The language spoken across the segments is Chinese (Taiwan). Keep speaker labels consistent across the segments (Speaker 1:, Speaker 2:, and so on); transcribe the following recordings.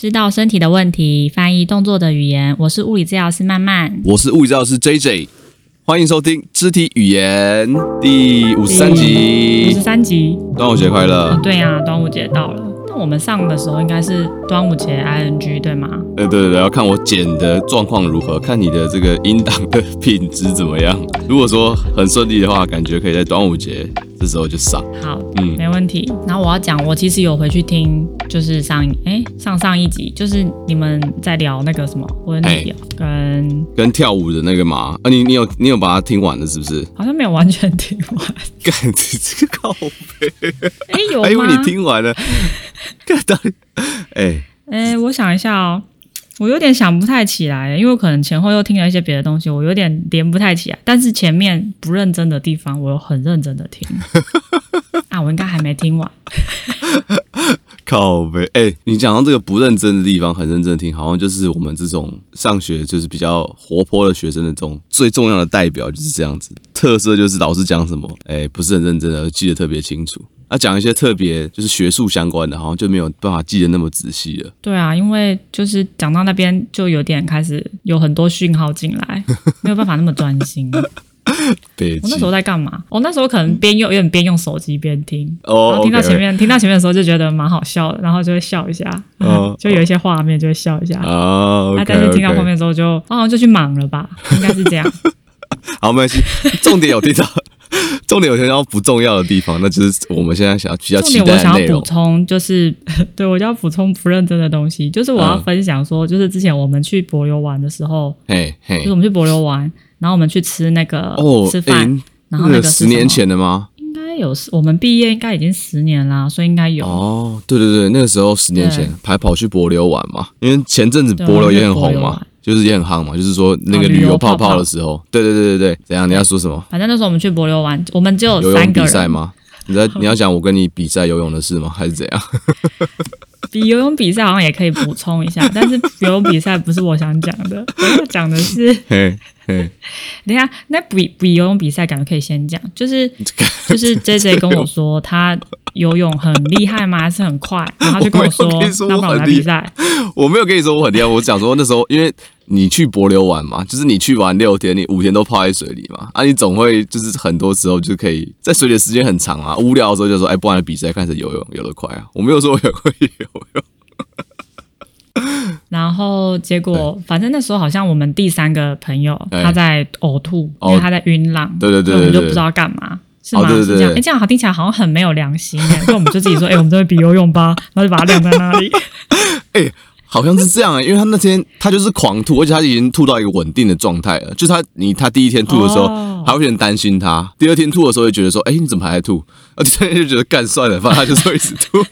Speaker 1: 知道身體的問題，翻譯動作的語言。我是物理治療師曼曼，漫漫，
Speaker 2: 我是物理治療師 J J，歡迎收聽《肢體語言》第五十三集。五十三集，端午節快樂！哦，對
Speaker 1: 呀，啊，端午節到了。我們上的時候應該是端午節，ing 對嗎？
Speaker 2: 呃，對對對，要看我剪的狀況如何，看你的這個音檔的品質怎麼樣。如果說很順利的話，感覺可以在端午節這時候就上。
Speaker 1: 好，嗯，沒問題。然後我要講，我其實有回去聽，就是上，哎，上上一集，就是你們在聊那個什麼婚禮、欸、跟
Speaker 2: 跟跳舞的那個嘛。啊，你你有你有把它聽完了是不是？
Speaker 1: 好像沒有完全聽完。感覺這個靠北。哎、欸，有嗎？因為你聽
Speaker 2: 完了。 這個，
Speaker 1: 哎哎、欸欸，我想一下哦，我有點想不太起來，因為我可能前後又聽了一些別的東西，我有點連不太起來。但是前面不認真的地方，我有很認真的聽。 啊，我應該還沒聽完。
Speaker 2: 靠北！哎、欸，你講到這個不認真的地方，很認真的聽，好像就是我們這種上學就是比較活潑的學生的這種最重要的代表，就是這樣子。特色就是老師講什麼，哎、欸，不是很認真的，記得特別清楚。那、啊、講一些特別就是學術相關的，好像就沒有辦法記得那麼仔細了。
Speaker 1: 對啊，因為就是講到那邊就有點開始有很多訊號進來，沒有辦法那麼專心。
Speaker 2: 我、哦、那時候在
Speaker 1: 幹嘛？我、哦、那時候可能邊用有點邊用手機邊聽，然後聽到前面、oh, okay, okay. 聽到前面的時候就覺得蠻好笑的，然後就會笑一下，oh, 呵呵就有一些畫面就會笑一下。哦、oh, okay , okay. 啊，那但是聽到後面之後就哦、啊、就去忙了吧，應該是這樣。
Speaker 2: 好，沒關係，重點有提到， 重點有提到不重要的地方，那就是我們現在想要去重期待的內容。重點我想要
Speaker 1: 補充就是，對，我就要補充不認真的東西，就是我要分享說，嗯、就是之前我們去帛琉玩的時候，hey, hey. 就是我們去帛琉玩。然後我們去吃那個吃飯。哦、然後那個十年前的嗎？應該有，我們畢業應該已經十年了，所以應該有。哦，
Speaker 2: 對對對，那個時候十年前還對跑去帛琉玩嘛，因為前陣子帛琉也很紅嘛，泡泡泡就是也很夯嘛，就是說那個旅遊泡泡的時候。對對對對對，怎樣？你要說什麼？
Speaker 1: 反正那時候我們去帛琉玩，我們只有三個人。游泳比賽嗎？
Speaker 2: 你在你要講我跟你比賽游泳的事嗎？還是怎樣？
Speaker 1: 比游泳比賽好像也可以補充一下， 但是游泳比賽不是我想講的， 我講的是。嗯， 等一下，那比比游泳比賽，感覺可以先講，就是就是 JJ 跟我說他游泳很厲害嗎？還 是很快？然後他就跟我說他跑來比賽。
Speaker 2: 我沒有跟你說我很厲害，我講說，說那時候因為你去帛琉玩嘛，就是你去玩六天，你五天都泡在水裡嘛，啊，你總會就是很多時候就可以在水裡的時間很長嘛、啊，無聊的時候就說，哎，不然的比賽開始游泳游得快啊？我沒有說我也會游泳。
Speaker 1: 然後結果，反正那時候好像我們第三個朋友他在嘔吐，因為他在暈浪。對對對，我們就不知道幹嘛，是嗎？哎，這樣好聽起來好像很沒有良心，欸。那 我們就自己說，哎，我們這邊比游泳吧，然後就把他晾在那裡。
Speaker 2: 哎，好像是這樣，欸，因為他那天他就是狂吐，而且他已經吐到一個穩定的狀態了。就是他，你他第一天吐的時候，還，哦、會有點擔心他；第二天吐的時候，就覺得說，哎，你怎麼還在吐？而第三天他就覺得乾算了，反正他就說一直吐。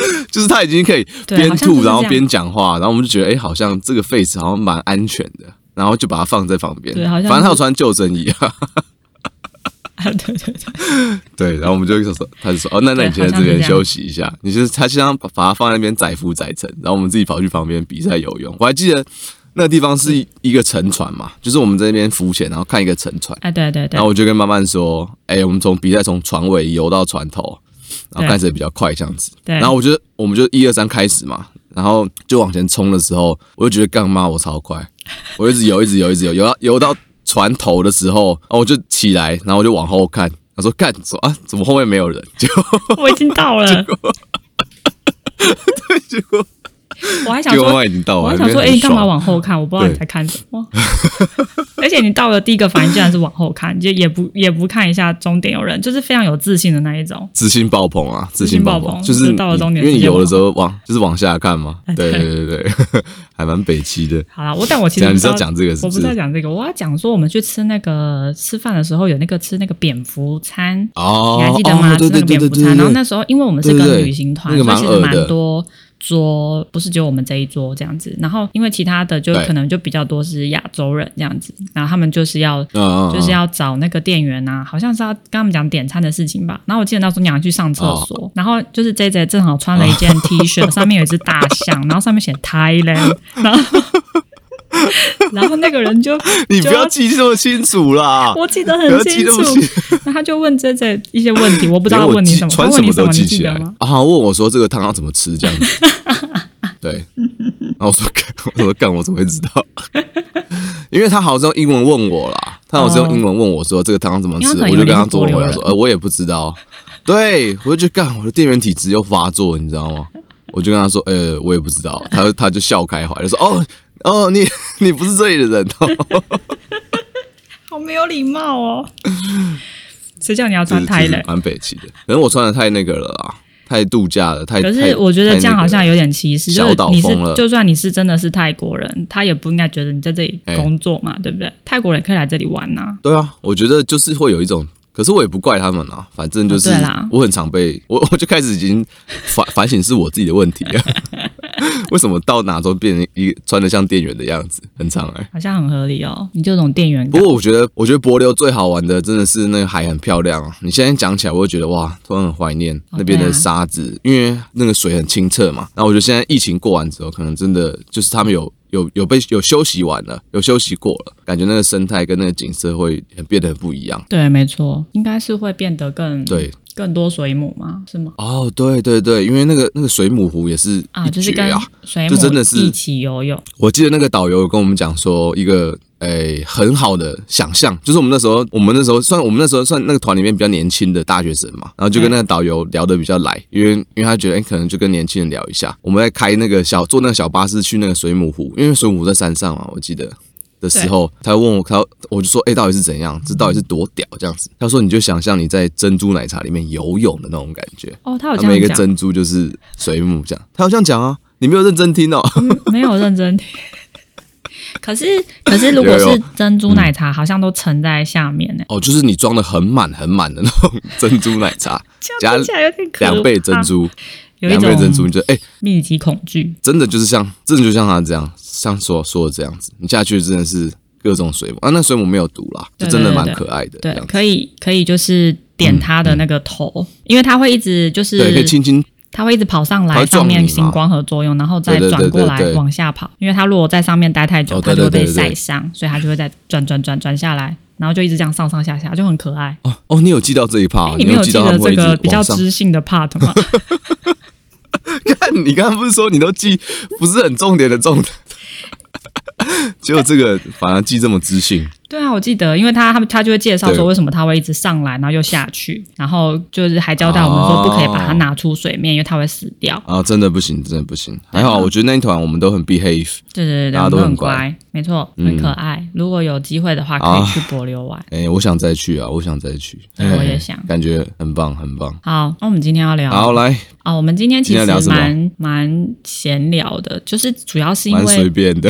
Speaker 2: 就是他已經可以邊吐，然後邊講話，然後我們就覺得，哎，好像這個 face 好像蠻安全的，然後就把它放在旁邊。反正他有穿救生衣。哈哈
Speaker 1: 哈！哈對
Speaker 2: 對對， 對，然後我們就說，他就說，哦，那那你先在，在這邊休息一下，你就是他先把把它放在那邊載浮載沉，然後我們自己跑去旁邊比賽游泳。我還記得那個地方是一個沉船嘛，就是我們在那邊浮潛，然後看一個沉船。哎，對對對。然後我就跟媽媽說，哎，我們從比賽從船尾游到船頭。然後開始也比較快，這樣子。對對，然後我就我們就一二三開始嘛，然後就往前衝的時候，我就覺得幹嘛，我超快，我一直游一直游一直游，游到游到船頭的時候，然後我就起來，然後我就往後看，他說幹，說啊，怎麼後面沒有人？就
Speaker 1: 我已經到了。對，結果。 我還想說，我還想說，哎、欸，你幹嘛往後看？我不知道你在看什麼。哇 而且你到了第一個反應竟然是往後看，就也不也不看一下終點有人，就是非常有自信的那一種，
Speaker 2: 自信爆棚啊！自信爆棚，就是，就是到了終點，因為你有的時候往就是往下看嘛。對對對對， 還蠻北七的。好啦。我但我其實你知道講這個，我不知道
Speaker 1: 講這個，我要講說我們去吃那個吃飯的時候有那個吃那個蝙蝠餐哦，你還記得嗎？哦、對，對對對對對，然後那時候因為我們是跟旅行團，那個蠻多。桌不是只有我們這一桌這樣子，然後因為其他的就可能就比較多是亞洲人這樣子，對然後他們就是要啊啊啊就是要找那個店員啊，好像是要跟他們講點餐的事情吧。然後我記得那時候你要去上廁所，哦、然後就是 J J 正好穿了一件 T 恤，啊、上面有一只大象， 然後上面寫 Thailand， 然後 然後那個人就，就你不要記這麼清楚啦， 我記得很清楚。 他就問這這一些問題，我不知道他問你什麼，問你什
Speaker 2: 麼，記得嗎？啊，問我說這個湯要怎麼吃這樣子。 對，然後說幹我說，我說幹，我怎麼會知道？因為他好像用英文問我啦。他好像用英文問我說、哦、這個湯要怎麼吃，我就跟他做回應說，呃，我也不知道。 對，我就就幹，我的電源體質又發作，你知道嗎？ 我就跟他說，呃、欸，我也不知道。他就他就笑開懷，就說，哦哦，你你不是這裡的人哦，
Speaker 1: 好沒有禮貌哦。誰叫你要穿太冷？
Speaker 2: 蠻北齊的，可能我穿的太那個了啊，太度假了，太……可是我覺得這樣好像有點歧視。小島風了，就算，就算
Speaker 1: 你是真的是泰國人，他也不應該覺得你在這裡工作嘛，欸、對不對？泰國人可以來這裡玩吶、
Speaker 2: 啊。對啊，我覺得就是會有一種，可是我也不怪他們啊，反正就是，我很常被我，我就開始已經反 反省是我自己的問題了。 為什麼到哪都變成一穿得像店員的樣子，很常哎、欸，
Speaker 1: 好像很合理哦。你這種店員。不過我
Speaker 2: 覺得，我覺得帛琉最好玩的真的是那個海很漂亮、啊。你現在講起來，我會覺得哇，突然很懷念那邊的沙子，哦啊、因為那個水很清澈嘛。那我覺得現在疫情過完之後，可能真的就是他們有有有被有休息完了，有休息過了，感覺那個生態跟那個景色會變得很不一樣。
Speaker 1: 對，沒錯，應該是會變得更對。
Speaker 2: 更多水母嗎？是嗎？哦，oh, 對對對，因為那個那個水母湖也是一絕啊，
Speaker 1: 就真的是一起游泳。
Speaker 2: 我記得那個導遊有跟我們講說，一個誒很好的想象，就是我們那時候我們那時候算我們那時候算那個團裡面比較年輕的大學生嘛，然後就跟那個導遊聊得比較來，因為因為他覺得誒可能就跟年輕人聊一下。我們在開那個小坐那個小巴士去那個水母湖，因為水母湖在山上嘛，我記得。的時候，對他問我，他我就說，哎、欸，到底是怎樣？這到底是多屌這樣子？他說，你就想象你在珍珠奶茶裡面游泳的那種感覺。哦，他好像每一個珍珠就是水母這樣。他好像講啊，你沒有認真聽哦、喔嗯，
Speaker 1: 沒有認真聽。可 是可是，可是如果是珍珠奶茶， 嗯、好像都沉在下面呢、欸。
Speaker 2: 哦，就是你裝得很滿很滿的那種珍珠奶茶，講起來有點可愛。兩倍珍珠。有一種密集恐懼、欸，真的就是像真的就像他這樣，像所說，說的這樣子，你下去真的是各種水母啊，那水母沒有毒啦，對對對對，就真的蠻可愛的。
Speaker 1: 對，可以可以就是點它的那個頭，嗯、因為它會一直就是對，可以輕輕，它會一直跑上來上面行光合作用，然後再轉過來往下跑，對對對對，因為它如果在上面待太久，它就會被曬傷，所以它就會再轉轉轉轉下來，然後就一直這樣上上下下，就很可愛。
Speaker 2: 哦，哦你有記到這一趴、欸，你沒有記到他這個比較知
Speaker 1: 性的 part 嗎？
Speaker 2: 你看你剛剛不是說你都記，不是很重點的重點。就這個結果反而記這麼自信。
Speaker 1: 對啊，我記得，因為他他就會介紹說為什麼他會一直上來，然後又下去，然後就是還交代我們說不可以把它拿出水面，因為它會死掉
Speaker 2: 啊，真的不行，真的不行。還好，我覺得那一團我們都很 behave，對對對，大家都很乖，
Speaker 1: 沒錯，很可愛。如果有機會的話，可以去帛琉玩。
Speaker 2: 哎，我想再去啊，我想再去，我也想，感覺很棒，很棒。
Speaker 1: 好，那我們今天要聊，好來啊，我們今天其實蠻蠻閒聊的，就是主要是因為蠻隨
Speaker 2: 便的。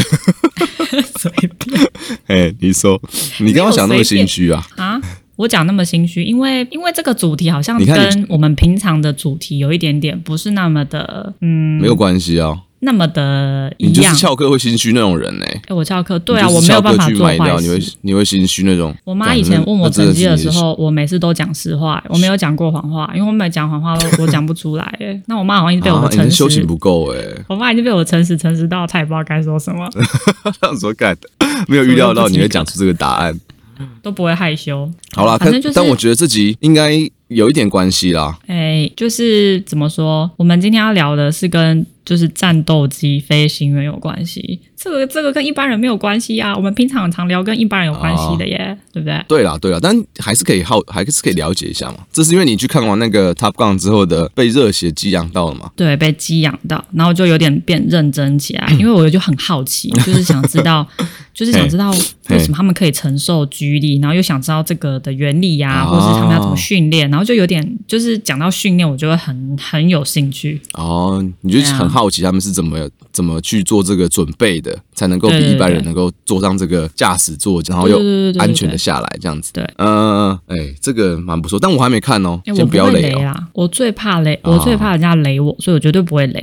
Speaker 2: 隨便，哎， 你說，你剛剛想那麼心虛啊？
Speaker 1: 啊，我講那麼心虛，因為因為這個主題好像跟我們平常的主題有一點點不是那麼的，嗯，沒有
Speaker 2: 關係啊、哦。
Speaker 1: 那麼的一樣，你就是翹
Speaker 2: 課會心虛那種人呢、欸？
Speaker 1: 欸、我翹課，對啊，我沒有辦法做壞事，你會
Speaker 2: 你會心虛那種。我媽以前問我成績的時候，
Speaker 1: 我每次都講實話、欸，我沒有講過謊話，因為我每講謊話都我講不出來、欸。哎， 那我媽好像一直被我的誠實，啊、的不
Speaker 2: 夠哎、欸。我
Speaker 1: 媽已經被我誠實誠實到，她也不知道該說什麼。哈
Speaker 2: 哈哈哈說幹的，沒有預料到你會講出這個答案，
Speaker 1: 都不會害羞。好啦，反正就是，但我覺
Speaker 2: 得這集應該，有一點關係啦，
Speaker 1: 哎、欸，就是怎麼說？我們今天要聊的是跟就是戰鬥機飛行員有關係，這個這個跟一般人沒有關係啊。我們平常常聊跟一般人有關係的耶，啊、對不對？
Speaker 2: 對啦，對啦，但還是可以好，還是可以了解一下嘛。這是因為你去看完那個 Top Gun 之後的被熱血激昂到了嘛？
Speaker 1: 對，被激昂到，然後就有點變認真起來， 因為我就很好奇，就是想知道， 就是想知道為什麼他們可以承受 G 力，然後又想知道這個的原理呀、啊，啊、或者是他們要怎麼訓練。然後就有點，就是講到訓練，我就會很很有興趣
Speaker 2: 哦。你就很好奇他們是怎麼、啊、怎麼去做這個準備的，才能夠比一般人能夠坐上這個駕駛座，然後又安全的下來這樣子。對,對,對,對,對,對，嗯嗯嗯，哎、欸，這個蠻不錯，但我還沒看哦、喔，欸、先不要雷啊、喔！
Speaker 1: 我最怕雷，我最怕人家雷我，啊、好所以我絕對不會雷。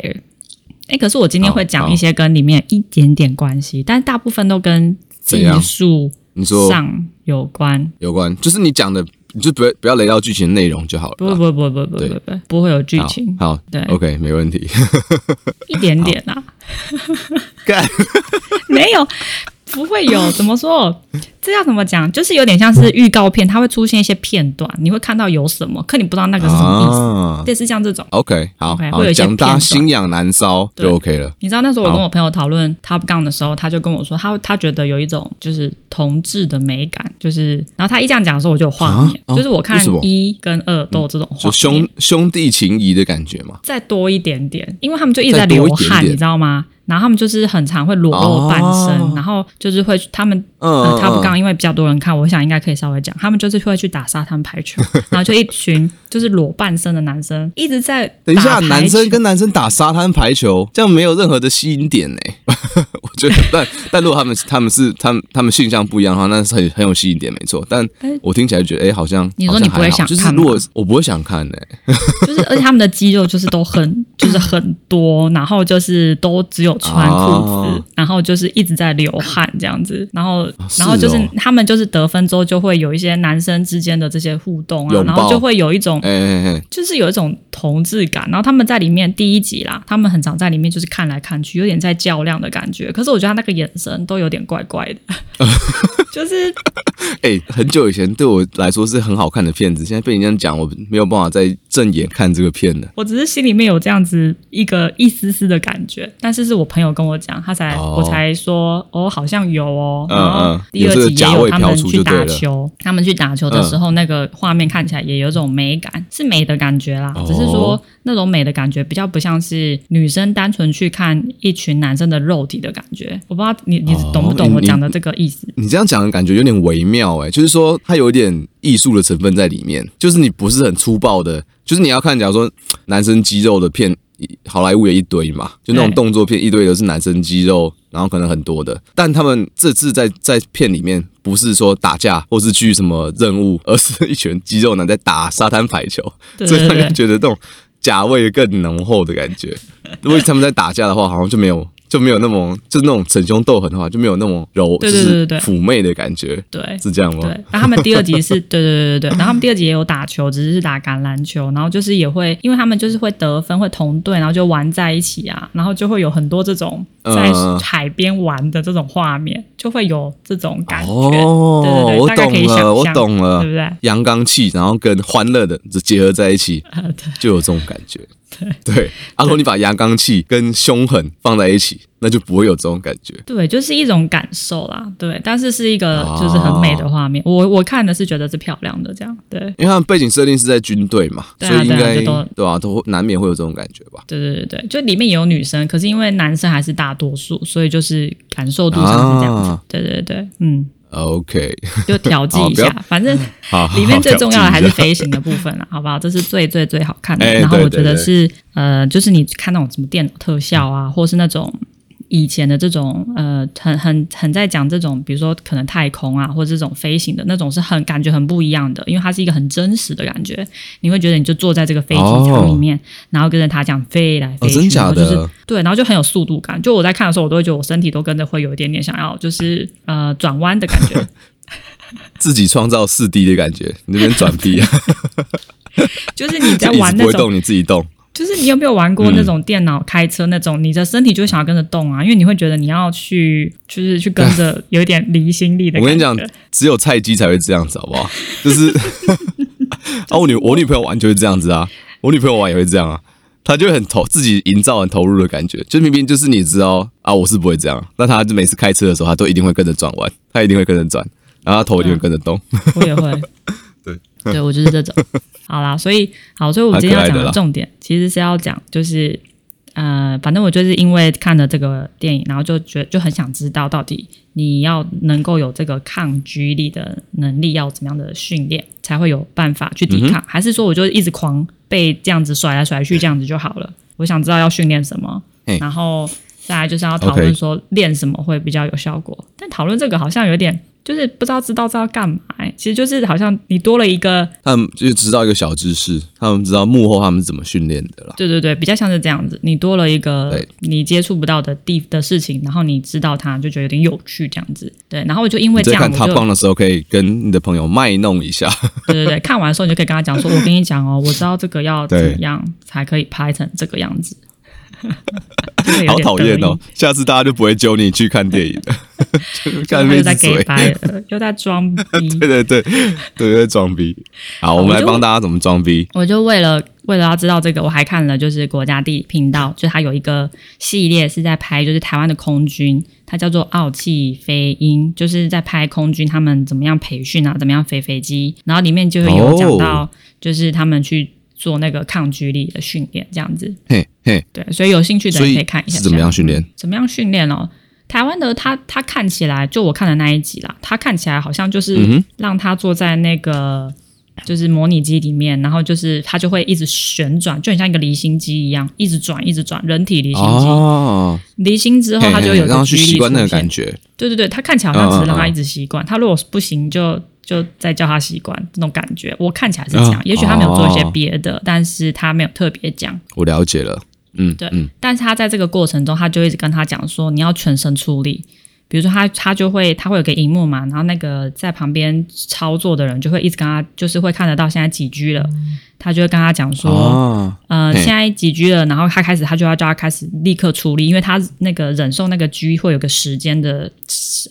Speaker 1: 哎、欸，可是我今天會講一些跟裡面一點點關係，但大部分都跟技術、上有關、
Speaker 2: 有關，就是你講的。你就不不要雷到劇情內容就好
Speaker 1: 了。不不不不不不不，對不會有劇情，好。好，對，OK，沒問題。 一點點啊，幹，沒有。不會有怎麼說，這要怎麼講？就是有點像是預告片，它會出現一些片段，你會看到有什麼，可你不知道那個是什麼意思。就是像這種
Speaker 2: ，OK，好，會有一些心癢難搔就 OK 了。
Speaker 1: 你知道那時候我跟我朋友討論 Top Gun 的時候，他就跟我說，他他覺得有一種就是同志的美感，就是然後他一這樣講的時候，我就有畫面，就是我看一跟二都有這種就
Speaker 2: 兄兄弟情誼的感覺嘛。
Speaker 1: 再多一點點，因為他們就一直在流汗，你知道嗎？然後他們就是很常會裸露半身，哦、然後就是會他們，嗯嗯嗯呃、他不剛，剛因為比較多人看，我想應該可以稍微講，他們就是會去打沙灘排球， 然後就一群就是裸半身的男生一直在等一下，男生
Speaker 2: 跟男生打沙灘排球，這樣沒有任何的吸引點呢、欸？ 我覺得，但但如果他們他們是他們他們性向不一樣的話，那是很很有吸引點沒錯。但我聽起來就覺得，哎、欸，好像你說你不會想看，就是如果我不會想看呢、欸，
Speaker 1: 就是而且他們的肌肉就是都很就是很多， 然後就是都只有。穿褲子，哦、然後就是一直在流汗這樣子，哦、然後，哦、然後就是他們就是得分之後就會有一些男生之間的這些互動啊，擁抱然後就會有一種，哎
Speaker 2: 哎哎
Speaker 1: 就是有一種同志感，然後他們在裡面第一集啦，他們很常在裡面就是看來看去，有點在較量的感覺，可是我覺得他那個眼神都有點怪怪的。 就是，
Speaker 2: 哎、 欸，很久以前對我來說是很好看的片子，現在被你這樣講，我沒有辦法再正眼看這個片了。
Speaker 1: 我只是心裡面有這樣子一個一絲絲的感覺，但是是我朋友跟我講，他才、哦、我才說，哦，好像有哦。嗯嗯。然後第二集也有他們去打球，他們去打球的時候，那個畫面看起來也有一種美感，是美的感覺啦。只是說那種美的感覺比較不像是女生單純去看一群男生的肉體的感覺。我不知道你你懂不懂我講的這個意思？嗯、你，你
Speaker 2: 這樣講。感覺有點微妙，哎、欸，就是說，它有一點藝術的成分在裡面，就是你不是很粗暴的。就是你要看，假如說男生肌肉的片，好萊塢有一堆嘛，就那種動作片一堆都是男生肌肉，然後可能很多的。但他們這次在在片裡面不是說打架或是去什麼任務，而是一群肌肉男在打沙灘排球，對對對對。所以讓人覺得這種甲味更濃厚的感覺。如果他們在打架的話，好像就沒有。就沒有那麼就是那種逞兇鬥狠的話就沒有那麼柔，對對對嫵媚的感覺，對，對，對，對，是這樣嗎？對。
Speaker 1: 那他們第二集是對對對對對，然後他們第二集也有打球，只是打橄欖球，然後就是也會，因為他們就是會得分，會同隊，然後就玩在一起啊，然後就會有很多這種在海邊玩的這種畫面，嗯、就會有這種感覺。哦，對對對，我懂了，我懂了，對
Speaker 2: 不對？陽剛氣，然後跟歡樂的就結合在一起，就有這種感覺。嗯對，然、啊、後你把陽剛氣跟兇狠放在一起，那就不會有這種感覺。
Speaker 1: 對，就是一種感受啦。對，但是是一個就是很美的畫面。啊、我我看的是覺得是漂亮的這樣。對，
Speaker 2: 因為背景設定是在軍隊嘛，對啊、所以應該對、啊、對啊，都難免會有這種感覺
Speaker 1: 吧？對對對對，就裡面也有女生，可是因為男生還是大多數，所以就是感受度上是這樣子。啊、對對對，嗯。
Speaker 2: OK，就調劑一下，反正好好好好裡面最重要的還是飛
Speaker 1: 行的部分了，好不好，好不好？這是最最最好看的。欸，然後我覺得是，對對對，呃，就是你看那種什麼電腦特效啊，或是那種。以前的這種，呃，很很很在講這種，比如說可能太空啊，或者這種飛行的那種，是很感覺很不一樣的，因為它是一個很真實的感覺。你會覺得你就坐在這個飛機場裡面，哦、然後跟着它講飛來飛去，哦、真假的、就是、對，然後就很有速度感。就我在看的時候，我都會覺得我身體都跟着會有一點點想要就是呃轉彎的感覺。
Speaker 2: 自己創造四 D 的感覺，你那邊轉 D 啊？
Speaker 1: 就是你在玩那種，不會動，你自己動。就是你有沒有玩過那種電腦開車那種？你的身體就會想要跟着動啊，因為你會覺得你要去，就是去跟着有一點離心力的感覺。我跟你講，
Speaker 2: 只有菜雞才會這樣子，好不好？就是啊，我女我女朋友玩就是這樣子啊，我女朋友玩也會這樣啊，她就很投，自己營造很投入的感覺。就明明就是你知道啊，我是不會這樣啊，那她就每次開車的時候，她都一定會跟着轉彎，她一定會跟着轉，然後她頭一定會跟着動。我
Speaker 1: 也會。 對，我就是這種。好啦，所以好，所以我今天要講的重點，其實是要講，就是呃，反正我就是因為看了這個電影，然後就覺得就很想知道，到底你要能夠有這個抗 G 力的能力，要怎麼樣的訓練，才會有辦法去抵抗？嗯、哼還是說我就一直狂被這樣子甩來甩去，這樣子就好了？我想知道要訓練什麼。嘿然後。再來就是要討論說練什麼會比較有效果，Okay 但討論這個好像有點就是不知道知道這要幹嘛、欸。其實就是好像你多了一個，
Speaker 2: 他們就知道一個小知識，他們知道幕後他們是怎麼訓練的
Speaker 1: 了。對對對，比較像是這樣子，你多了一個你接觸不到的地對的事情，然後你知道他就覺得有點有趣這樣子。對，然後我就因為這樣，子，看他光的
Speaker 2: 時候可以跟你的朋友賣弄一下。
Speaker 1: 對對對，看完的時候你就可以跟他講說：“我跟你講哦、喔，我知道這個要怎樣才可以拍成這個樣子。” 好討厭哦！
Speaker 2: 下次大家就不會揪你去看電影，
Speaker 1: 就看面是水，又在裝逼。
Speaker 2: 對對對，對在裝逼。好，我，就我們來幫大家怎麼裝逼。
Speaker 1: 我就為了為了要知道這個，我還看了就是國家地理頻道，就它有一個系列是在拍，就是台灣的空軍，它叫做《傲氣飛鷹》，就是在拍空軍他們怎麼樣培訓啊，怎麼樣飛飛機，然後裡面就有講到，就是他們去。做那個抗 G 力的訓練，這樣子，嘿嘿，對，所以有興趣的可以看一下，以一下怎麼樣訓練，嗯，怎麼樣訓練哦。台灣的他，他看起來，就我看的那一集啦，他看起來好像就是讓他坐在那個就是模擬機裡面，mm hmm. 然後就是他就會一直旋轉，就很像一個離心機一樣，一直轉，一直轉，人體離心機。哦，離心之後他就有一個 G 力的那個感覺。對對對，他看起來好像只是讓他一直習慣，他，oh, oh, oh. 如果是不行就。就在教他習慣這種感覺，我看起來是這樣。啊哦、也許他沒有做一些別的，哦、但是他沒有特別講。
Speaker 2: 我了解了，嗯，對，嗯、
Speaker 1: 但是他在這個過程中，他就一直跟他講說，你要全身出力。比如說他他就會他會有個熒幕嘛，然後那個在旁邊操作的人就會一直跟他，就是會看得到現在幾 G 了，嗯、他就會跟他講說，哦、呃，嘿現在幾 G 了，然後他開始他就要叫他開始立刻出力，因為他那個忍受那個 G 會有個時間的，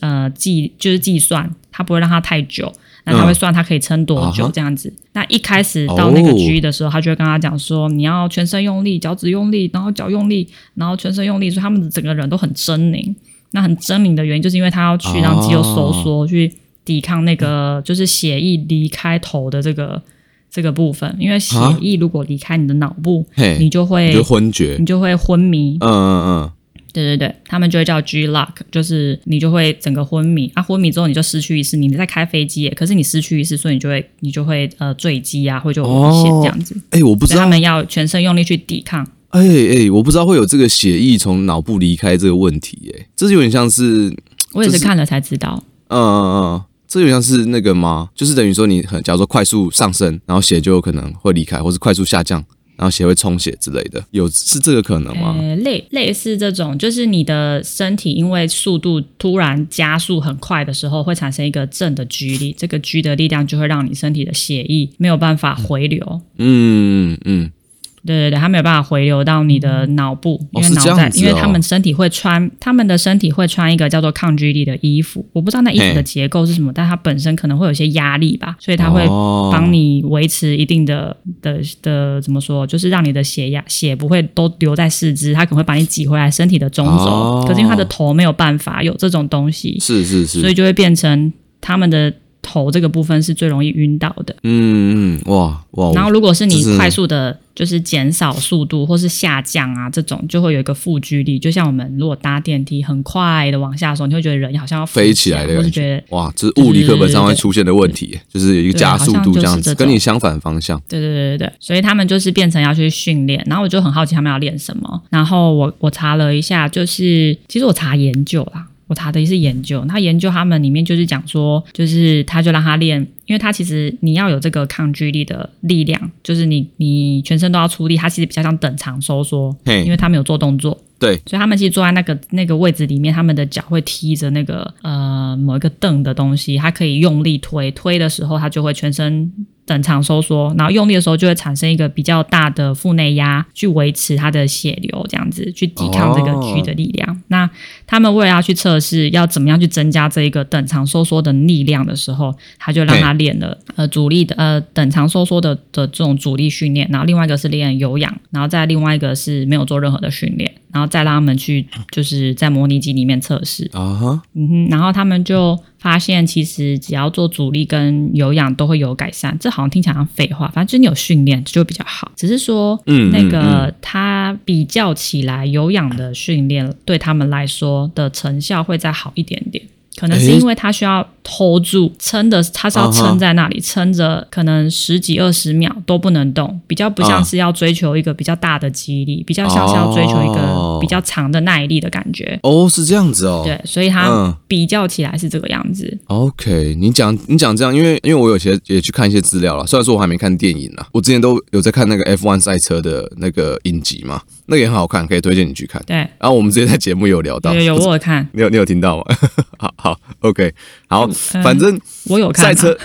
Speaker 1: 呃，計就是計算，他不會讓他太久。那他會算他可以撐多久這樣子。Uh huh. 那一開始到那個 G 的時候，oh. 他就會跟他講說：“你要全身用力，腳趾用力，然後腳用力，然後全身用力。”所以他們整個人都很猙獰。那很猙獰的原因，就是因為他要去讓肌肉收縮，uh huh. 去抵抗那個就是血液離開頭的這個這個部分。因為血液如果離開你的腦部，uh huh. 你就會你就昏厥，你就會昏迷。嗯嗯嗯。Huh. 對對對，他們就會叫 G lock，就是你就會整個昏迷啊，昏迷之後你就失去意識，你在開飛機，可是你失去意識，所以你就會你就會呃墜機啊，或者有危險這樣子。
Speaker 2: 哎、哦欸，我不知道他們
Speaker 1: 要全身用力去抵抗。
Speaker 2: 哎哎、欸欸，我不知道會有這個血液從腦部離開這個問題，欸，哎，這就有點像是，是我也是看
Speaker 1: 了才知道。
Speaker 2: 嗯嗯嗯，這有點像是那個嗎？就是等於說你很，假如說快速上升，嗯、然後血就有可能會離開，或是快速下降。然後血會充血之類的，有是這個可能嗎？欸、
Speaker 1: 類類似這種，就是你的身體因為速度突然加速很快的時候，會產生一個正的 G 力，這個 G 的力量就會讓你身體的血液沒有辦法回流。嗯
Speaker 2: 嗯嗯。嗯
Speaker 1: 對對對，他沒有辦法回流到你的腦部，因為腦在，哦哦、因為他們身體會穿他們的身體會穿一個叫做抗 G 力的衣服，我不知道那衣服的結構是什麼，嘿但它本身可能會有些壓力吧，所以它會幫你維持一定的、哦、的的怎麼說，就是讓你的血壓血不會都留在四肢，它可能會把你擠回來身體的中軸，哦、可是因為他的頭沒有辦法有這種東西，是是是，所以就會變成他們的頭這個部分是最容易暈倒的，嗯
Speaker 2: 嗯哇哇，哇然後如果是你快速
Speaker 1: 的。是是就是減少速度或是下降啊，這種就會有一個負 G 力，就像我們如果搭電梯很快的往下的時候，你會覺得人好像要起、啊、飛起來的感覺。覺，
Speaker 2: 哇，這是物理課本上會出現的問題，就是有一個加速度這樣，子。對對對對，跟你相反方向。
Speaker 1: 對對對對對，所以他們就是變成要去訓練。然後我就很好奇他們要練什麼。然後我我查了一下，就是其實我查研究啦。我查的是研究，那他研究他們裡面就是講說，就是他就讓他練，因為他其實你要有這個抗 G 力的力量，就是你你全身都要出力，他其實比較像等長收縮，嘿因為他沒有做動作，對，所以他們其實坐在那個那個位置裡面，他們的腳會踢着那個呃某一個凳的東西，他可以用力推，推的時候他就會全身。等長收縮，然後用力的時候就會產生一個比較大的腹內壓去維持它的血流，這樣子去抵抗這個 G 的力量。Oh. 那他們為了要去測試要怎麼樣去增加這一個等長收縮的力量的時候，他就讓他練了 Hey. 呃阻力的呃等長收縮的的這種阻力訓練，然後另外一個是練有氧，然後再另外一個是沒有做任何的訓練。然後再讓他們去，就是在模擬機裡面測試啊。Uh huh. 嗯哼，然後他們就發現，其實只要做阻力跟有氧都會有改善。這好像聽起來像廢話，反正就是你有訓練就比較好。只是說，嗯，那個他、嗯嗯、比較起來，有氧的訓練對他們來說的成效會再好一點點。可能是因為他需要 Hold 住撐的，欸、他是要撐在那裡，撐着、啊、哈 可能十幾二十秒都不能動，比較不像是要追求一個比較大的肌力，啊、比較像是要追求一個比較長的耐力的感覺。
Speaker 2: 哦，是這樣子哦。對，所以它
Speaker 1: 比較起來是這個樣子。
Speaker 2: 嗯、OK，你講你講這樣，因為因為我有些也去看一些資料了，雖然說我還沒看電影呢，我之前都有在看那個 F1 賽車的那個影集嘛，那個也很好看，可以推薦你去看。對，然後、啊、我們之前在節目也有聊到，有有，有我有看，你有你有聽到嗎？好。 好，OK，好，嗯、反正
Speaker 1: 我有賽、啊、車，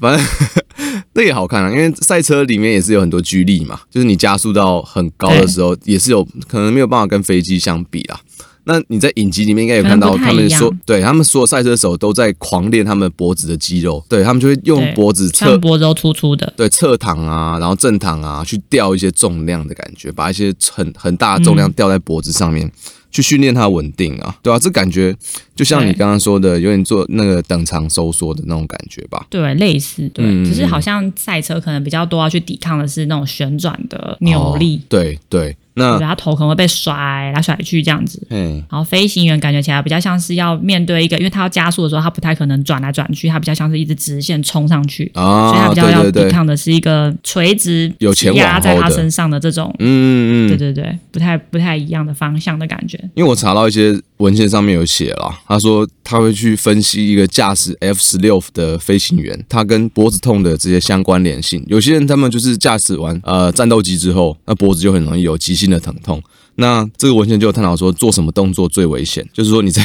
Speaker 2: 反正呵呵那也好看啊，因為賽車裡面也是有很多 G 力嘛，就是你加速到很高的時候，對也是有可能沒有辦法跟飛機相比啊。那你在影集裡面應該有看到他對，他們說，對他們所有賽車手都在狂練他們脖子的肌肉，對他們就會用脖子側脖子突出的，對側躺啊，然後正躺啊，去吊一些重量的感覺，把一些很很大的重量吊在脖子上面。嗯去訓練它穩定啊，對啊，這感覺就像你剛剛說的，有點做那個等長收縮的那種感覺吧？對，
Speaker 1: 類似，對，只、嗯、是好像賽車可能比較多，要去抵抗的是那種旋轉的扭力、哦。
Speaker 2: 對，對。對，那他
Speaker 1: 頭可能會被甩來甩去這樣子。嗯，然後飛行員感覺起來比較像是要面對一個，因為他要加速的時候，他不太可能轉來轉去，他比較像是一直直線衝上去，啊、所以他比較要抵抗的是一個垂直有壓在他身上的這種，
Speaker 2: 嗯嗯，對對
Speaker 1: 對，不太不太一樣的方向的感覺。
Speaker 2: 因為我查到一些。文獻上面有寫了啦，他說他會去分析一個駕駛 F 十六的飛行員，他跟脖子痛的這些相關聯性。有些人他們就是駕駛完呃戰鬥機之後，那脖子就很容易有急性的疼痛。那這個文獻就有探討說，做什麼動作最危險？就是說你在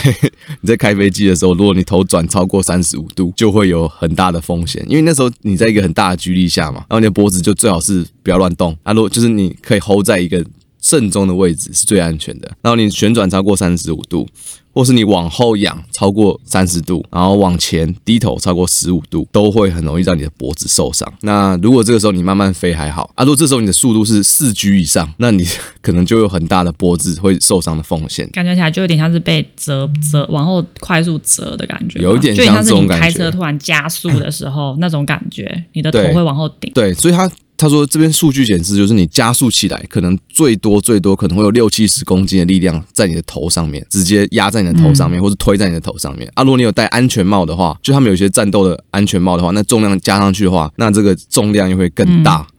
Speaker 2: 你在開飛機的時候，如果你頭轉超過三十五度，就會有很大的風險，因為那時候你在一個很大的 G 力下嘛，然後你的脖子就最好是不要亂動。啊，如果就是你可以 hold 在一個。正中的位置是最安全的。然後你旋轉超過三十五度，或是你往後仰超過三十度，然後往前低頭超過十五度，都會很容易讓你的脖子受傷。那如果這個時候你慢慢飛還好，啊，如果這時候你的速度是四 G 以上，那你可能就有很大的脖子會受傷的風險。
Speaker 1: 感覺起來就有點像是被折折往後快速折的感覺，有一點像，像是你開車突然加速的時候 那種感覺，你的頭會往後
Speaker 2: 頂。對，對，所以它他說：“這邊數據顯示，就是你加速起來，可能最多最多可能會有六七十公斤的力量在你的頭上面，直接壓在你的頭上面，或是推在你的頭上面。啊，如果你有戴安全帽的話，就他們有一些戰鬥的安全帽的話，那重量加上去的話，那這個重量又會更大。”嗯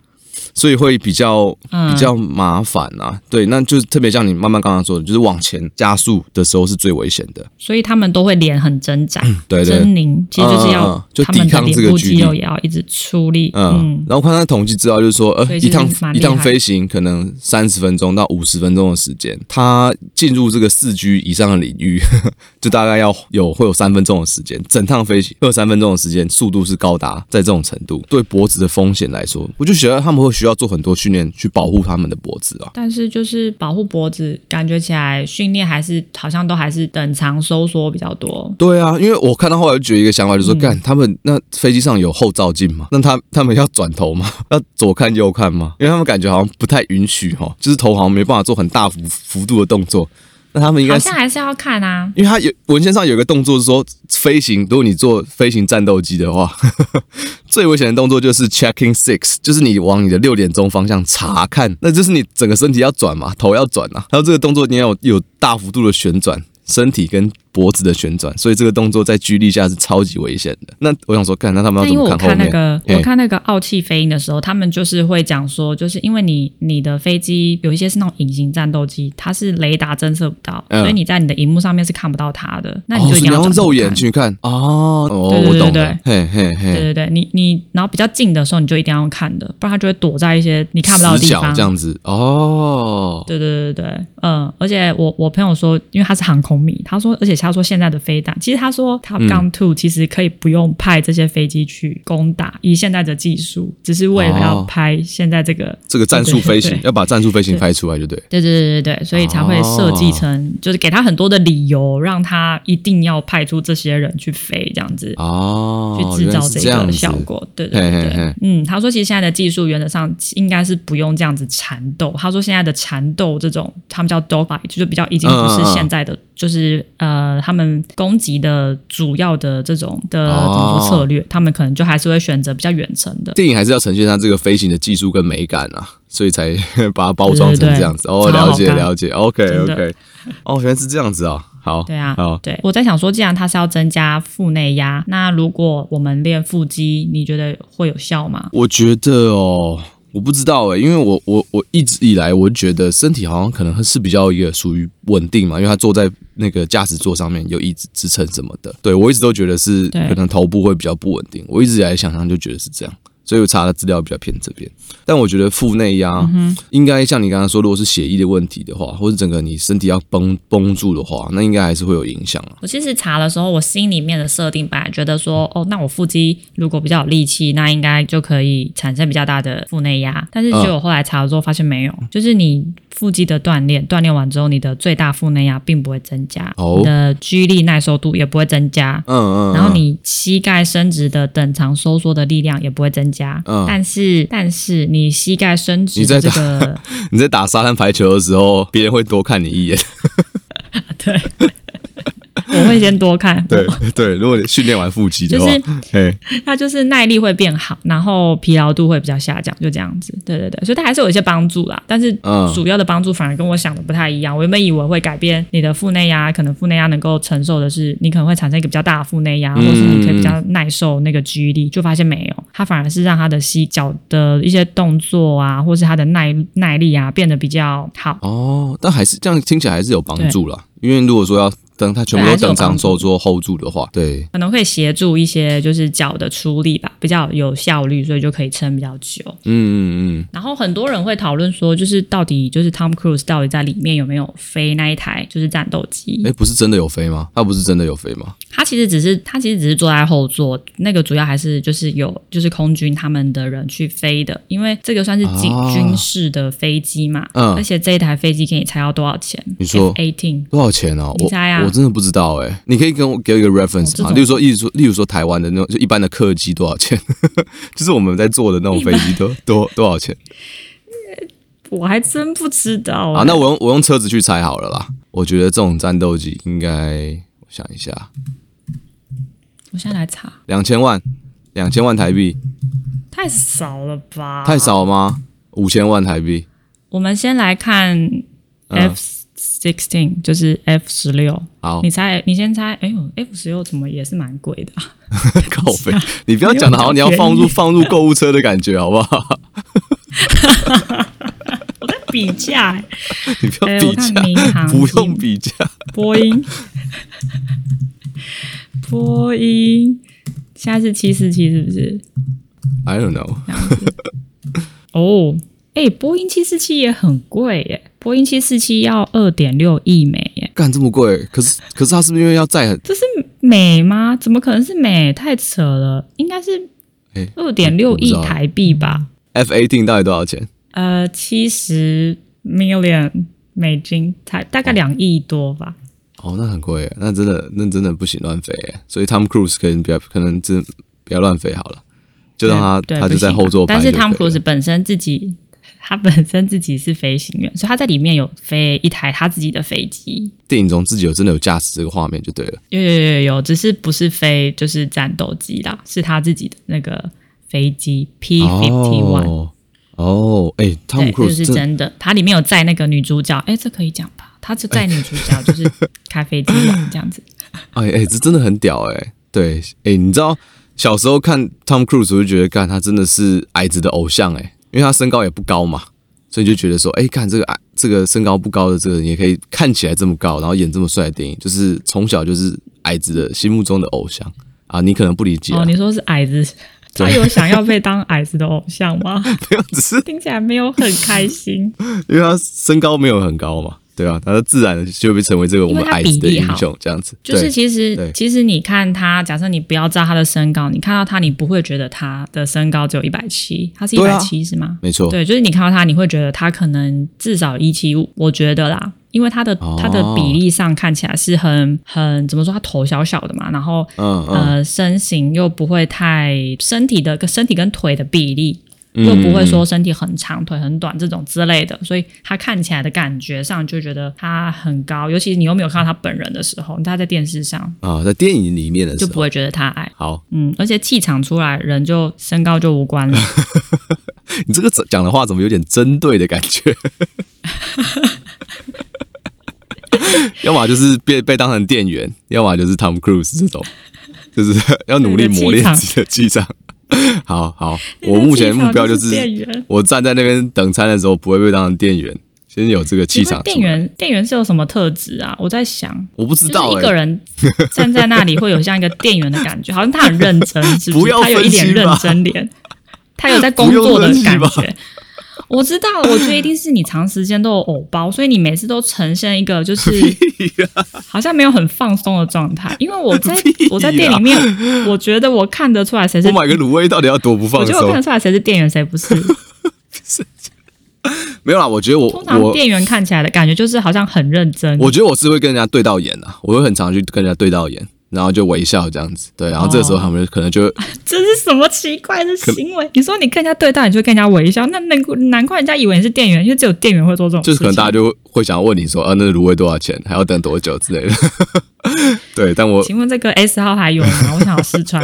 Speaker 2: 所以會比較比較麻煩啊，嗯、對，那就是特別像你曼曼剛剛說的，就是往前加速的時候是最危險的，
Speaker 1: 所以他們都會臉很掙扎，猙獰，嗯對對對，其實就是要、嗯嗯、就抵抗這個 G 力，肌肉也要一直出力，嗯，嗯嗯，然
Speaker 2: 後我看那統計資料就是說，呃，一趟一趟飛行可能三十分鐘到五十分鐘的時間，他進入這個四 G 以上的領域。 就大概要有會有三分鐘的時間，整趟飛行會有三分鐘的時間，速度是高達在這種程度。對脖子的風險來說，我就覺得他們會需要做很多訓練去保護他們的脖子啊。
Speaker 1: 但是就是保護脖子，感覺起來訓練還是好像都還是等長收縮比較多。
Speaker 2: 對啊，因為我看到後來就覺得一個想法，就是說、嗯、幹他們那飛機上有後照鏡嗎？那他他們要轉頭嗎？要左看右看嗎？因為他們感覺好像不太允許哈、哦，就是頭好像沒辦法做很大幅幅度的動作。那他們應該好像
Speaker 1: 還是要看啊，
Speaker 2: 因為他有文獻上有一個動作是說飛行，如果你做飛行戰鬥機的話，最危險的動作就是 checking six，就是你往你的六點鐘方向查看，那就是你整個身體要轉嘛，頭要轉啊，還有這個動作你要有有大幅度的旋轉，身體跟。脖子的旋轉，所以這個動作在 G 力下是超級危險的。那我想說看，看那他們要怎麼看後面？因為我看
Speaker 1: 那個，嘿我看那個《傲氣飛鷹》的時候，他們就是會講說，就是因為你你的飛機有一些是那種隱形戰鬥機，它是雷達偵測不到，嗯、所以你在你的熒幕上面是看不到它的。那你就、哦、你用肉眼
Speaker 2: 去看哦。對對對對，嘿嘿嘿對
Speaker 1: 對對，你你然後比較近的時候你就一定要看的，不然它就會躲在一些你看不到的地方這樣子哦。對對對對嗯，而且我我朋友說，因為他是航空迷，他說而且像。他說：“現在的飛彈，其實他說 Top Gun Two 其實可以不用派這些飛機去攻打，嗯、以現在的技術，只是為了要拍現在這個這個戰術飛行，要把
Speaker 2: 戰術飛行拍出來，就對，對對對對對，所以才會設計
Speaker 1: 成，哦、就是給他很多的理由，讓他一定要派出這些人去飛，這樣子
Speaker 2: 哦，去製造這個效果，對對對，嘿
Speaker 1: 嘿嘿嗯，他說，其實現在的技術原則上應該是不用這樣子纏鬥。他說現在的纏鬥這種，他們叫 dogfight 就是比較已經不是現在的。嗯啊啊”就是呃，他們攻擊的主要的這種的策略，他們可能就還是會選擇比較遠程的、哦。電影
Speaker 2: 還是要呈現它這個飛行的技術跟美感啊，所以才 把它包裝成這樣子。對對對哦了，了解了解，OK 的 OK。哦，原來是這樣子啊、哦，好。對啊，好。對，
Speaker 1: 我在想說，既然它是要增加腹內壓，那如果我們練腹肌，你覺得會有效嗎？
Speaker 2: 我覺得哦。我不知道欸，因為我我我一直以來，我覺得身體好像可能是比較一個屬於穩定嘛，因為他坐在那個駕駛座上面有椅子支撐什麼的，對，我一直都覺得是可能頭部會比較不穩定，對我一直以來想象就覺得是這樣。所以，我查的資料比較偏這邊，但我覺得腹內壓應該像你剛剛說，如果是血液的問題的話，或是整個你身體要繃繃住的話，那應該還是會有影響啊。
Speaker 1: 我其實查的時候，我心裡面的設定版覺得說，哦，那我腹肌如果比較有力氣，那應該就可以產生比較大的腹內壓。但是，結果我後來查了之後發現沒有，就是你。腹肌的鍛鍊，鍛鍊完之後，你的最大腹內壓並不會增加，oh. 你的 G 力耐受度也不會增加。嗯嗯。然後你膝蓋伸直的等長收縮的力量也不會增加。嗯。Uh. 但是但是你膝蓋伸直，這個，你在這
Speaker 2: 個你在打沙灘排球的時候，別人會多看你一眼。 對。我會先
Speaker 1: 多看 對。
Speaker 2: 對對，如果訓練完腹肌的話，對、就是，
Speaker 1: 嘿它就是耐力會變好，然後疲勞度會比較下降，就這樣子。對對對，所以它還是有一些幫助啦。但是主要的幫助反而跟我想的不太一樣。嗯、我原本以為會改變你的腹內壓，可能腹內壓能夠承受的是你可能會產生一個比較大的腹內壓，嗯、或是你可以比較耐受那個肌力，就發現沒有，它反而是讓它的膝腳的一些動作啊，或是它的耐耐力啊變得比較好。哦，但還
Speaker 2: 是這樣聽起來還是有幫助啦。對 因為如果說要。等他全部都等雙手做 hold 住的話，對，對
Speaker 1: 可能會協助一些就是腳的出力吧，比較有效率，所以就可以撐比較久。嗯嗯嗯。然後很多人會討論說，就是到底就是 Tom Cruise 到底在裡面有沒有飛那一台就是戰鬥機？
Speaker 2: 誒，不是真的有飛嗎？他不是真的有飛嗎？
Speaker 1: 他其實只是，他其實只是坐在後座，那個主要還是就是有就是空軍他們的人去飛的，因為這個算是、啊、軍軍事的飛機嘛。嗯。而且這一台飛機，可以猜到多少錢？你說。eighteen。18，
Speaker 2: 多少錢哦、啊？我猜、啊、我真的不知道哎、欸，你可以給我給一個 reference 嗎、哦啊？例如說，例如說，例如說，台灣的那種就一般的客機多少錢？ 就是我們在坐的那種飛機都多一般 多，多少錢？
Speaker 1: 我還真不知道啊。那我用
Speaker 2: 我用車子去猜好了啦。我覺得這種戰鬥機應該，我想一下。
Speaker 1: 我先來查，
Speaker 2: 兩千萬，兩千萬台幣，
Speaker 1: 太少了吧？太
Speaker 2: 少了嗎？五千萬台幣。
Speaker 1: 我們先來看 F sixteen，、嗯、就是 F 十六。好，你猜，你先猜，哎呦，F 十六怎麼也是蠻貴的？靠北， 你不要講得好像，你要放入放
Speaker 2: 入購物車的感覺，好不好？
Speaker 1: 我在比價、欸，你不要比價，不用比價，波音。波音現在是七
Speaker 2: 四七是不是
Speaker 1: ？I don't know。哦，哎，波音七四七也很貴耶、欸，波音七四七要二點六億美耶、欸，幹這麼貴、
Speaker 2: 欸？可是可是它是不是因為要載很？這
Speaker 1: 是美嗎？怎麼可能是美？太扯了，應該是二點六億台幣吧。欸、
Speaker 2: F18 大概多少錢？
Speaker 1: 呃，七十 million 美金，才大概兩億多吧。
Speaker 2: 哦，那很貴耶，那真的，那真的不行亂飛耶，所以 Tom Cruise 可能比較可能真的不要亂飛好了，就讓他對，對他就在後座。但是 Tom
Speaker 1: Cruise 本身自己，他本身自己是飛行員，所以他在裡面有飛一台他自己的飛機。
Speaker 2: 電影中自己有真的有駕駛這個畫面就對了，
Speaker 1: 有有有有，只是不是飛就是戰鬥機啦，是他自己的那個飛機 P fifty
Speaker 2: one，哦。哦，哎、欸，Tom Cruise 是真的，真
Speaker 1: 的他裡面有載那個女主角，哎、欸，這可以講。他就在你主角、欸，就是咖
Speaker 2: 啡廳 這樣子。哎哎、欸欸，這真的很屌哎、欸！對，哎、欸，你知道小時候看 Tom Cruise 我就覺得，看他真的是矮子的偶像哎、欸，因為他身高也不高嘛，所以就覺得說，哎、欸，看這個矮，這個身高不高的這個人也可以看起來這麼高，然後演這麼帥的電影，就是從小就是矮子的心目中的偶像啊。你可能不理解、啊、哦，
Speaker 1: 你說是矮子，對 他有想要被當矮子的偶像嗎？ 沒有，只是 聽起來沒有很開心，
Speaker 2: 因為他身高沒有很高嘛。對啊，他自然就會成為這個我們矮的英雄這樣子。就是其實，
Speaker 1: 其實你看他，假設你不要知道他的身高，你看到他，你不會覺得他的身高只有一百七，他是一百七是嗎、啊？沒錯。對，就是你看到他，你會覺得他可能至少一七五。我覺得啦，因為他的、哦、他的比例上看起來是很很怎麼說，他頭小小的嘛，然後嗯嗯呃身形又不會太身體的身體跟腿的比例。就不會說身體很長，腿很短這種之類的，所以他看起來的感覺上就覺得他很高，尤其你又沒有看到他本人的時候，他在電視上
Speaker 2: 啊，在電影裡面的時候就不會
Speaker 1: 覺得他矮。好，嗯，而且氣場出來，人就身高就無關了。
Speaker 2: 你這個講的話怎麼有點針對的感覺？ 要麼就是被被當成店員，要麼就是 Tom Cruise 這種，就是要努力磨練自己的氣場。 好好，我目前目標就是，我站在那邊等餐的時候不會被當成店員。先有這個氣場。店
Speaker 1: 員，店員是有什麼特質啊？我在想，我不知道、欸，就是一個人站在那裡會有像一個店員的感覺，好像他很認真，是不是？他有一點認真臉，他有在工作的感覺。我知道了，我覺得一定是你長時間都有偶包，所以你每次都呈現一個就是好像沒有很放鬆的狀態。因為我在我在店裡面，我覺得我看得出來誰是。我
Speaker 2: 買個滷味到底要多不放鬆？我覺得我看得
Speaker 1: 出來誰是店員，誰不是。
Speaker 2: 沒有啦，我覺得我，我通常店
Speaker 1: 員看起來的感覺就是好像很認真。我覺
Speaker 2: 得我是會跟人家對到眼的啊，我會很常去跟人家對到眼，然後就微笑這樣子，對，然後這個時候他們可能就、哦、
Speaker 1: 這是什麼奇怪的行為？可你說你跟人家對待你就跟人家微笑，那難難怪人家以為你是店員，因為只有店員會做這種，就是可能大家
Speaker 2: 就會想要問你說，啊，那滷味多少錢？還要等多久之類的。 對，但我請
Speaker 1: 問這個 S 號還有嗎？我想要試穿。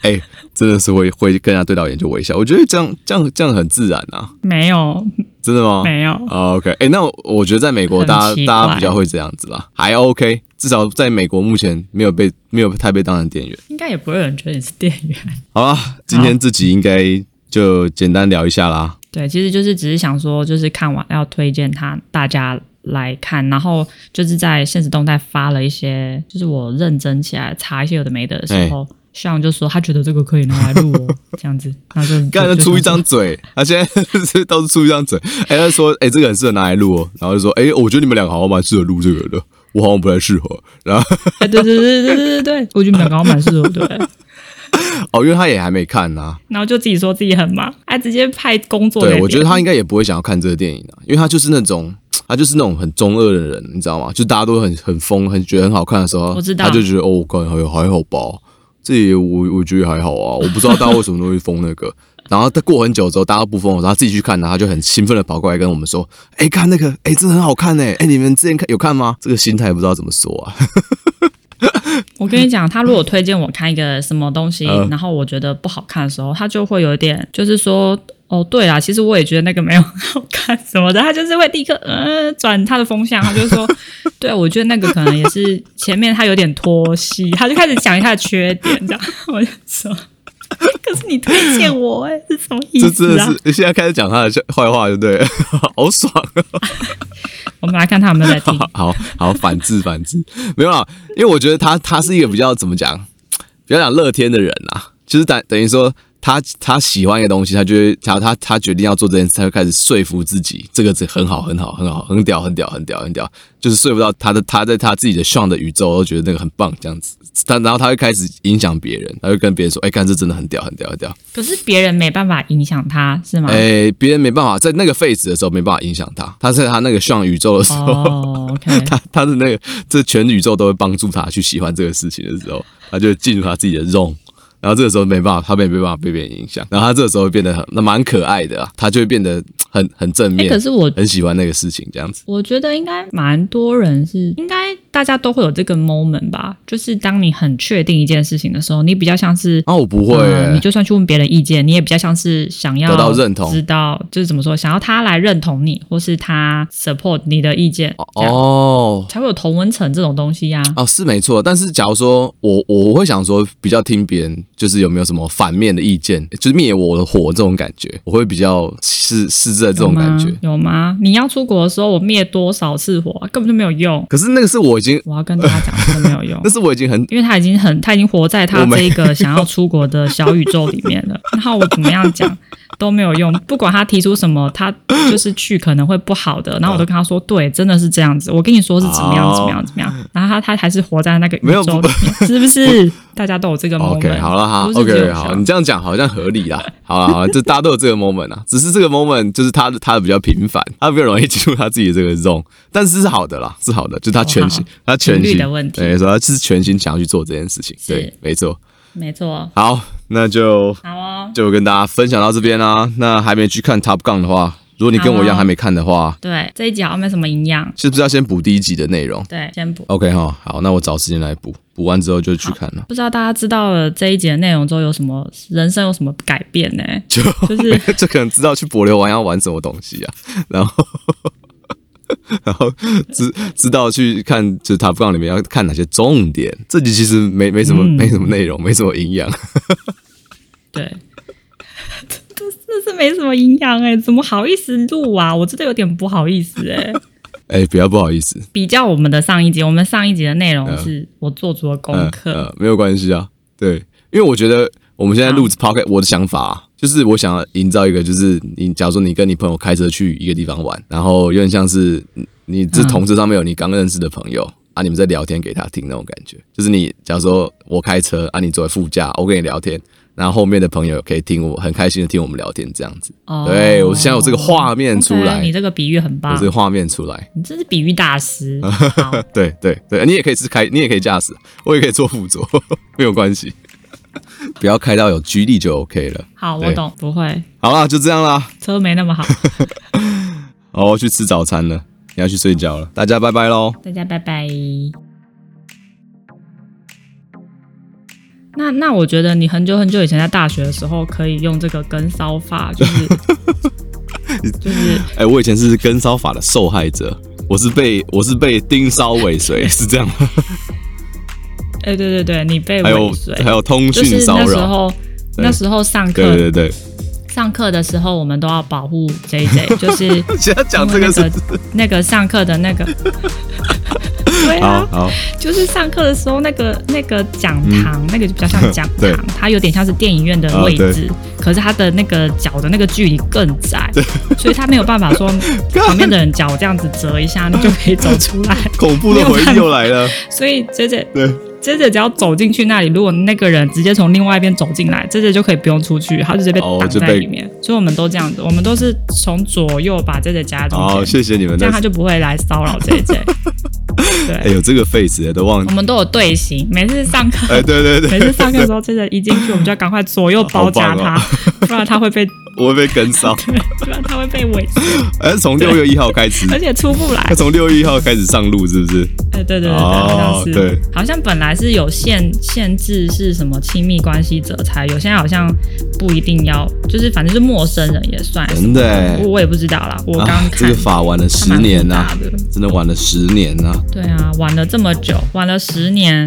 Speaker 2: 哎、 欸，真的是會會跟他對到眼就微笑，我覺得這樣這樣這樣很自然啊。沒有，真的嗎？沒有。OK，哎、欸，那我,我覺得在美國，大家大家比較會這樣子吧。還 OK。至少在美國目前沒有被沒有太被當成店員，
Speaker 1: 應該也不會有人覺得你是店員。
Speaker 2: 好了，今天這集應該就簡單聊一下啦。
Speaker 1: 對，其實就是只是想說，就是看完要推薦他大家。來看，然後就是在現實動態發了一些，就是我認真起來查一些有的沒的的時候，Sean、欸、就說他覺得這個可以拿來錄、喔， 這樣子。他剛才出一張嘴、
Speaker 2: 嘴，他現在倒是出一張嘴，哎、 欸，他就說哎、欸，這個很適合拿來錄哦、喔。然後就說哎、欸，我覺得你們兩個好像蠻適合錄這個的，我好像不太適合。然後、欸，對對對
Speaker 1: 對對對對，我覺得你們兩個好像蠻適合對。
Speaker 2: 哦，因為他也還沒看吶、啊。
Speaker 1: 然後就自己說自己很忙，他直接派工作。對，我覺得他應
Speaker 2: 該也不會想要看這個電影的、啊，因為他就是那種。他就是那種很中二的人，你知道嗎？就是、大家都很很瘋，很，很覺得很好看的時候，他就覺得哦，我感覺還還好吧，自己我我覺得還好啊，我不知道大家為什麼都會瘋那個。 然後他過很久之後，大家不瘋了，然後他自己去看，然後他就很興奮的跑過來跟我們說：“哎、欸，看那個，哎、欸，真的很好看哎，哎、欸，你們之前看有看嗎？”這個心態不知道怎麼說啊。
Speaker 1: 我跟你講，他如果推薦我看一個什麼東西，嗯、然後我覺得不好看的時候，他就會有一點，就是說。哦，對啊，其實我也覺得那個沒有很好看什麼的，他就是會立刻呃轉他的風向，他就說， 對，我覺得那個可能也是前面他有點拖戲，他就開始講一下缺點這樣。我就說，可是你推薦我哎、欸，是什麼意思啊？這真的是
Speaker 2: 現在開始講他的壞話，對不對， 好爽、哦。
Speaker 1: 我們來看他有沒有在
Speaker 2: 聽好，好好反制反制，沒有啊？因為我覺得他他是一個比較怎麼講，比較講樂天的人啊，就是等等於說。他他喜歡一個東西，他就會他他他決定要做這件事，他會開始說服自己，這個是很好很好很好很屌很屌很屌很屌、很屌，就是說服到他的他在他自己的爽的宇宙，都覺得那個很棒這樣子。他然後他會開始影響別人，他會跟別人說，哎、欸，看這真的很屌很屌很屌。很
Speaker 1: 屌，可是別人沒辦法影響他是嗎？哎、
Speaker 2: 欸，別人沒辦法在那個 phase 的時候沒辦法影響他，他在他那個爽宇宙的時候，oh,
Speaker 1: okay.
Speaker 2: 他他是那個這、就是、全宇宙都會幫助他去喜歡這個事情的時候，他就進入他自己的 zone。然後這個時候沒辦法，他也沒辦法被別人影響。然後他這個時候會變得很，那蠻可愛的啊，他就會變得很很正面。欸、可是我很喜歡那個事情這樣子。
Speaker 1: 我覺得應該蠻多人是應該。大家都會有這個 moment 吧，就是當你很確定一件事情的時候，你比較像是啊，我不會、欸呃，你就算去問別人意見，你也比較像是想要得到認同，知道就是怎麼說，想要他來認同你，或是他 support 你的意見，哦，才會有同溫層這種東西呀，
Speaker 2: 啊。啊，哦，是沒錯。但是假如說我我會想說，比較聽別人，就是有沒有什麼反面的意見，就是滅我的火這種感覺，我會比較試試着這種感覺
Speaker 1: 有，有嗎？你要出國的時候，我滅多少次火，啊，根本就沒有用。
Speaker 2: 可是那個是我。我要跟大家講都沒有用，但是我已經很，
Speaker 1: 因為他已經很，他已經活在他這個想要出國的小宇宙裡面了。沒然後我怎麼樣講都沒有用，不管他提出什麼，他就是去可能會不好的。然後我都跟他說，對，真的是這樣子。我跟你說是怎麼樣，怎麼樣，怎麼樣。然後他他還是活在那個宇宙裡面。有是不是？大家都有這個 moment，OK，、okay, 好了哈，OK，好，
Speaker 2: 你這樣講好像合理啦。好了，好了，這大家都有這個 moment 啊， 只是這個 moment 就是他，的他的比較頻繁，他比較容易記住他自己的這個 zone，但是是好的啦，是好的，就他全心，哦、好他全心，的問題，對，說他就是全心想要去做這件事情，是對，沒錯，沒
Speaker 1: 錯錯，
Speaker 2: 好，那就好、哦，就跟大家分享到這邊啦、啊。那還沒去看 Top Gun 的話。如果你跟我一樣還沒看的話，
Speaker 1: 哦、對這一集好像沒什麼營養，
Speaker 2: 是不是要先補第一集的內容、哦？對，先補。OK 好，那我找時間來補。補完之後就去看了。
Speaker 1: 不知道大家知道了這一集的內容之後有什麼人生有什麼改變呢？就，就
Speaker 2: 是 就可能知道去柏留玩要玩什麼東西啊，然後 然後知知道去看就是他報 n 裡面要看哪些重點。這集其實沒沒什麼、嗯、沒什麼內容，沒什麼營養。
Speaker 1: 對。這是沒什麼營養哎，怎麼好意思錄啊？我真的有點不好意思哎、欸，
Speaker 2: 哎、欸，比較不好意思。
Speaker 1: 比較我們的上一集，我們上一集的內容是我做足了功課、嗯
Speaker 2: 嗯嗯，沒有關係啊。對，因為我覺得我們現在錄 p o 我的想法、啊、就是我想要營造一個，就是你假如說你跟你朋友開車去一個地方玩，然後有點像是你這同事上面有你剛認識的朋友、嗯、啊，你們在聊天給他聽那種感覺。就是你假如說我開車啊，你坐在副駕，我跟你聊天。然後後面的朋友可以聽我很開心的聽我們聊天這樣子，oh, 對，我現在有這個畫面出來，你
Speaker 1: ，oh, okay, 這個比喻很棒，有這個
Speaker 2: 畫面出來，
Speaker 1: 你真是比喻大師。
Speaker 2: 好對對對，你也可以是開，你也可以駕駛，我也可以做輔助。 沒有關係， 不要開到有 G 力就 OK 了。
Speaker 1: 好，對我懂，不會。
Speaker 2: 好啦，就這樣啦，
Speaker 1: 車沒那麼好。
Speaker 2: 好，我去吃早餐了，你要去睡覺了，好大家拜拜嘍！
Speaker 1: 大家拜拜。那那我覺得你很久很久以前在大學的時候可以用這個跟騷法，就是 就
Speaker 2: 是，哎、欸，我以前是跟騷法的受害者，我是被我是被盯梢尾隨，對是這樣
Speaker 1: 嗎？哎，欸、對對對，你被尾隨，還有還有通訊騷擾，那時候對對對對那時候上課，對，對對對，上課的時候我們都要保護 JJ，就是講、那個、 這個那個上課的那個。 對啊，好，就是上課的時候那個那個講堂，那個就比較像講堂，它有點像是電影院的位置，可是它的那個腳的那個距離更窄，所以它沒有辦法說旁邊的人腳這樣子折一下你就可以走出來。
Speaker 2: 恐怖的回憶又來了，
Speaker 1: 所以 J J J J 只要走進去那裡，如果那個人直接從另外一邊走進來，J J 就可以不用出去，他就直接擋在裡面。所以我們都這樣子，我們都是從左右把 J J 夾住。好，
Speaker 2: 謝謝你們，這樣他就
Speaker 1: 不會來騷擾 J J。
Speaker 2: 對，哎呦，這個廢紙哎，都忘記。我
Speaker 1: 們都有隊形，每次上課。哎，對對對。每次上課的時候真的，一進去我們就要趕快左右包夾他，
Speaker 2: 不然他會被。我會被跟騷。對，
Speaker 1: 不然他會被尾隨。
Speaker 2: 哎，從六月一號開始。而且
Speaker 1: 出不來。
Speaker 2: 從六月一號開始上路是不是？
Speaker 1: 哎，對對對對。好像是。好像本來是有限限制，是什麼親密關係者才有，現在好像不一定要，就是反正是陌生人也算。真的。我也不知道啦。我剛剛看。這個法玩了十年吶，
Speaker 2: 真的玩了十年吶。
Speaker 1: 對。啊，玩了這麼久，玩了十年。